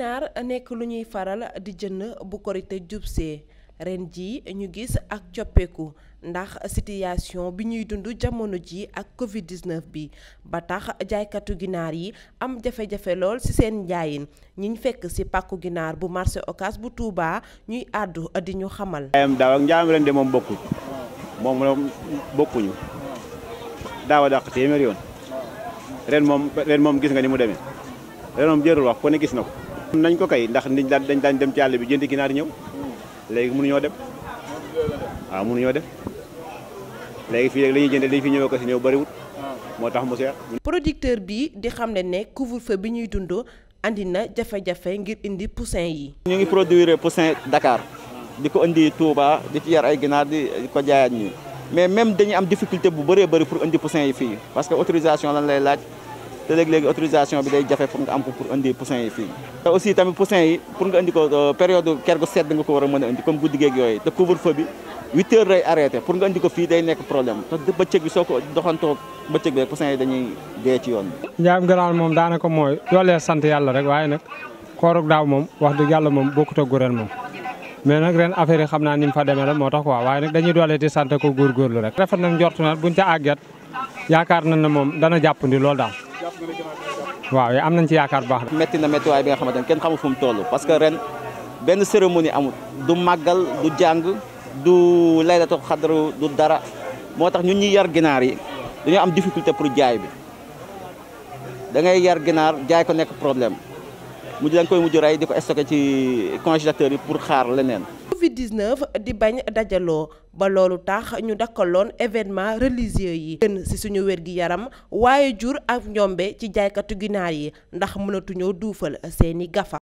ginaar nekk lu ñuy faral di jënd bu korite jubsee ren ji ñu gis ak coppeeku ndax situation bi ñuy dund jamono ji ak Covid 19 bi ba tax jaaykatu ginaar yi am jafe-jafe lool ci seen njaayin ñi fekk ci pàkku ginaar bu marché Ocass bu Touba ñuy àddu di ñu xamal. njaayam daaw ak njaayam ren de moom bokkuñ moom bokkuñu daaw a dàq téeméer yoon ren moom moom gis nga ni mu demee ren moom jërul wax ku gis na ko. nañ ko kay ndax nit daan dañ daan dem ci àll bi jënd ginaar ñëw léegi ñoo dem waaw mënuñoo dem léegi fii rek la ñuy jëndee dañ fi ñëwee ko si ñëw bëriwut moo tax mu seer. producteur bi di xam ne ne couvre-feu bi ñuy dund andi na jafe-jafe ngir indi poussin yi. ñu ngi produire poussin Dakar di ko indi Touba di ci yar ay ginaar di ko jaayaat ñi mais même dañuy am difficulté bu bëree bëri pour indi poussin yi fii parce que autorisation lan lay laaj. te léegi-léegi autorisation bi day jafe pour nga am ko pour indi poussin yi fii te aussi tamit poussin yi pour nga indi ko euh, période ker gu sedd nga ko war a mën a indi comme guddi geeg yooyu te couvre feu bi huit heures lay pour nga indi ko fii day nekk problème te bëccëg bi soo ko doxantoo bëccëg bi poussin yi dañuy dee ci yoon bi njaayam ganaar moom daanaka mooy loolee sant yàlla rek waaye nag koorug daaw moom wax dëgg yàlla moom bokkut ak ren moom mais nag ren affaire xam naa ni mu demee la moo tax quoi waaye nag dañuy doole di sant ko na buñ moom dana jàppandi loolu daal waaw am nañ ci yaakaar bu baax. métti na méttiwaay bi nga xamante ne kenn xamul fu mu toll parce que ren benn cérémonie amul du màggal du jàng du laylatu xadru du dara moo tax ñun ñuy yar ginaar yi dañoo am difficulté pour jaay bi da ngay yar ginaar jaay ko nekk problème mujj da nga koy mujj rey di ko stocké ci congélateur yi pour xaar leneen. Covid 19 di bañ dajaloo ba loolu tax ñu dakkaloon événement religieux yi. gën ci suñu wér gi yaram waaye jur ak njombe ci jaaykatu ginaar yi ndax mënatuñoo duufal seeni gafa.